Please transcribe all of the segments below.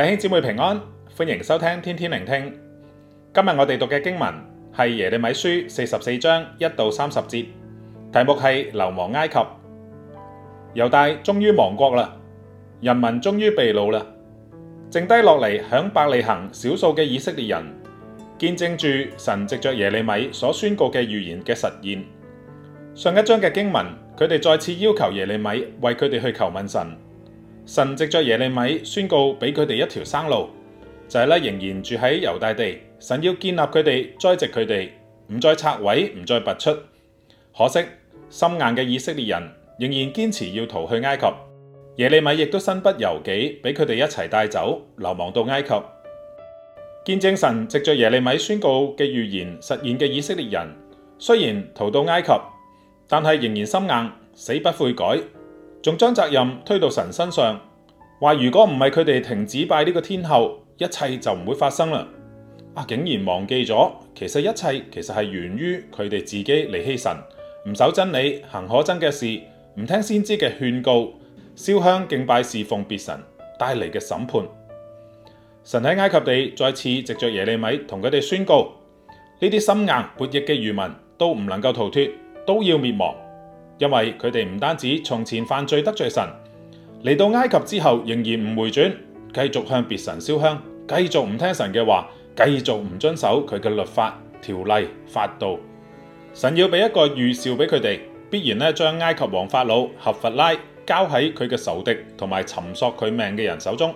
弟兄姊妹平安，歡迎收聽天天聆聽。今日我哋讀嘅經文係耶利米書四十四章一到三十節，題目係流亡埃及。猶大終於亡國啦，人民終於被擄啦，剩低落嚟響伯利恆少數嘅以色列人，見證住神藉着耶利米所宣告嘅預言嘅實現。上一章嘅經文，佢哋再次要求耶利米為佢哋去求問神。神藉着耶利米宣告俾佢哋一條生路，就係咧仍然住喺猶大地。神要建立佢哋，栽植佢哋，唔再拆毀，唔再拔出。可惜心硬嘅以色列人仍然堅持要逃去埃及，耶利米亦都身不由己，俾佢哋一齊帶走，流亡到埃及。見證神藉著耶利米宣告嘅預言實現嘅以色列人，雖然逃到埃及，但係仍然心硬，死不悔改。仲將責任推到神身上，話如果唔係佢哋停止拜呢個天后，一切就唔會發生啦。啊，竟然忘記咗，其實一切其實係源於佢哋自己離棄神，唔守真理，行可憎嘅事，唔聽先知嘅勸告，燒香敬拜侍奉別神，帶嚟嘅審判。神喺埃及地再次藉着耶利米同佢哋宣告：呢啲心硬叛逆嘅餘民都唔能夠逃脫，都要滅亡。因為佢哋唔單止從前犯罪得罪神，嚟到埃及之後仍然唔回轉，繼續向別神燒香，繼續唔聽神嘅話，繼續唔遵守佢嘅律法條例法度。神要俾一個預兆俾佢哋，必然咧將埃及王法老合弗拉交喺佢嘅仇敵同埋尋索佢命嘅人手中。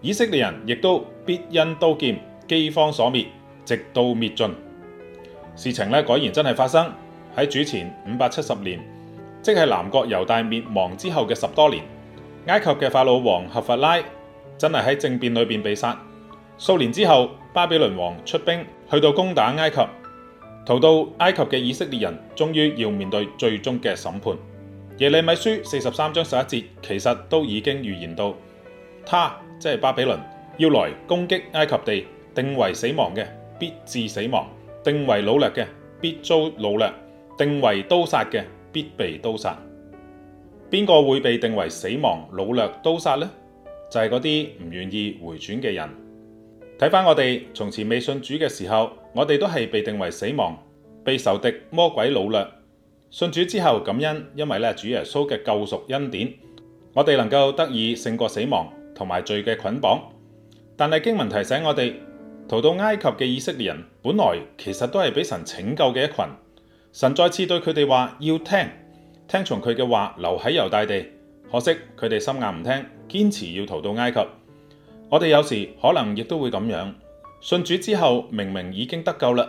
以色列人亦都必因刀劍饑荒所滅，直到滅盡。事情咧果然真係發生喺主前五百七十年。即係南國猶大滅亡之後嘅十多年，埃及嘅法老王合弗拉真係喺政變裏邊被殺。數年之後，巴比倫王出兵去到攻打埃及，逃到埃及嘅以色列人，終於要面對最終嘅審判。耶利米書四十三章十一節其實都已經預言到，他即係、就是、巴比倫要來攻擊埃及地，定為死亡嘅必致死亡，定為擄掠嘅必遭擄掠，定為刀殺嘅，必被刀殺，邊個會被定為死亡、擄掠、刀殺呢？就係嗰啲唔願意回轉嘅人。睇翻我哋從前未信主嘅時候，我哋都係被定為死亡，被仇敵、魔鬼、擄掠。信主之後感恩，因為咧主耶穌嘅救贖恩典，我哋能夠得以勝過死亡同埋罪嘅捆綁。但係經文提醒我哋，逃到埃及嘅以色列人本來其實都係俾神拯救嘅一群。神再次對佢哋話：要聽聽從佢嘅話，留喺猶大地。可惜佢哋心硬唔聽，堅持要逃到埃及。我哋有時可能亦都會咁樣。信主之後，明明已經得救啦，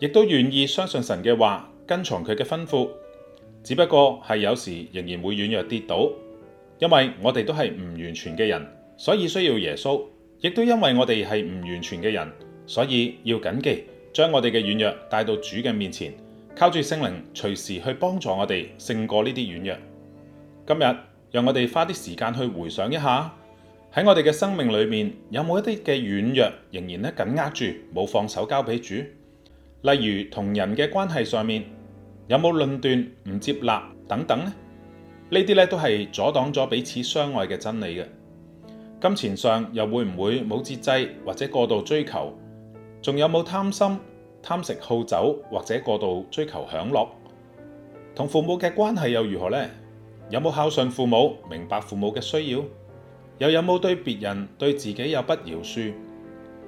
亦都願意相信神嘅話，跟從佢嘅吩咐。只不過係有時仍然會軟弱跌倒，因為我哋都係唔完全嘅人，所以需要耶穌。亦都因為我哋係唔完全嘅人，所以要謹記將我哋嘅軟弱帶到主嘅面前。靠住聖靈，隨時去幫助我哋勝過呢啲軟弱。今日讓我哋花啲時間去回想一下，喺我哋嘅生命裏面有冇一啲嘅軟弱，仍然咧緊握住冇放手交俾主。例如同人嘅關係上面，有冇論斷唔接納等等咧？呢啲咧都係阻擋咗彼此相愛嘅真理嘅。金錢上又會唔會冇節制或者過度追求？仲有冇貪心？貪食好酒或者過度追求享樂，同父母嘅關係又如何呢？有冇孝順父母？明白父母嘅需要？又有冇對別人對自己有不饒恕？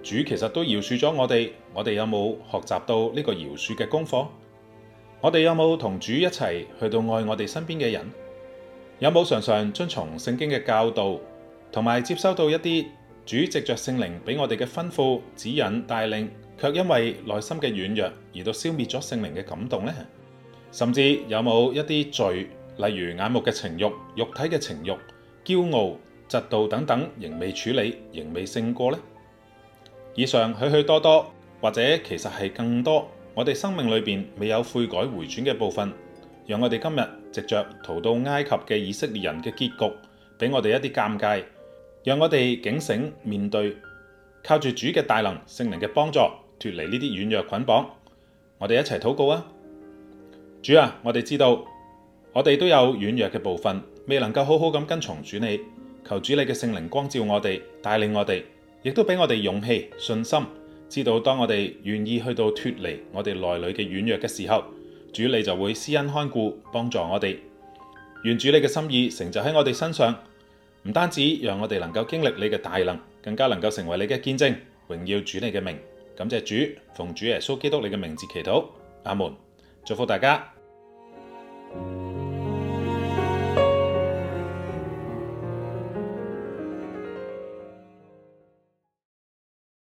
主其實都饒恕咗我哋，我哋有冇學習到呢個饒恕嘅功課？我哋有冇同主一齊去到愛我哋身邊嘅人？有冇常常遵從聖經嘅教導，同埋接收到一啲主藉着聖靈俾我哋嘅吩咐、指引、帶領？卻因為內心嘅軟弱而都消滅咗聖靈嘅感動呢？甚至有冇一啲罪，例如眼目嘅情欲、肉體嘅情欲、驕傲、嫉妒等等，仍未處理，仍未勝過呢？以上許許多多，或者其實係更多，我哋生命裏面未有悔改回轉嘅部分，讓我哋今日藉着逃到埃及嘅以色列人嘅結局，俾我哋一啲尷尬，讓我哋警醒面對，靠住主嘅大能、聖靈嘅幫助。脫離呢啲軟弱捆綁，我哋一齊禱告啊！主啊，我哋知道我哋都有軟弱嘅部分，未能夠好好咁跟從主你。求主你嘅聖靈光照我哋，帶領我哋，亦都俾我哋勇氣、信心，知道當我哋願意去到脫離我哋內裏嘅軟弱嘅時候，主你就會施恩看顧幫助我哋。願主你嘅心意成就喺我哋身上，唔單止讓我哋能夠經歷你嘅大能，更加能夠成為你嘅見證，榮耀主你嘅名。感謝主，奉主耶穌基督你嘅名字祈禱，阿門！祝福大家。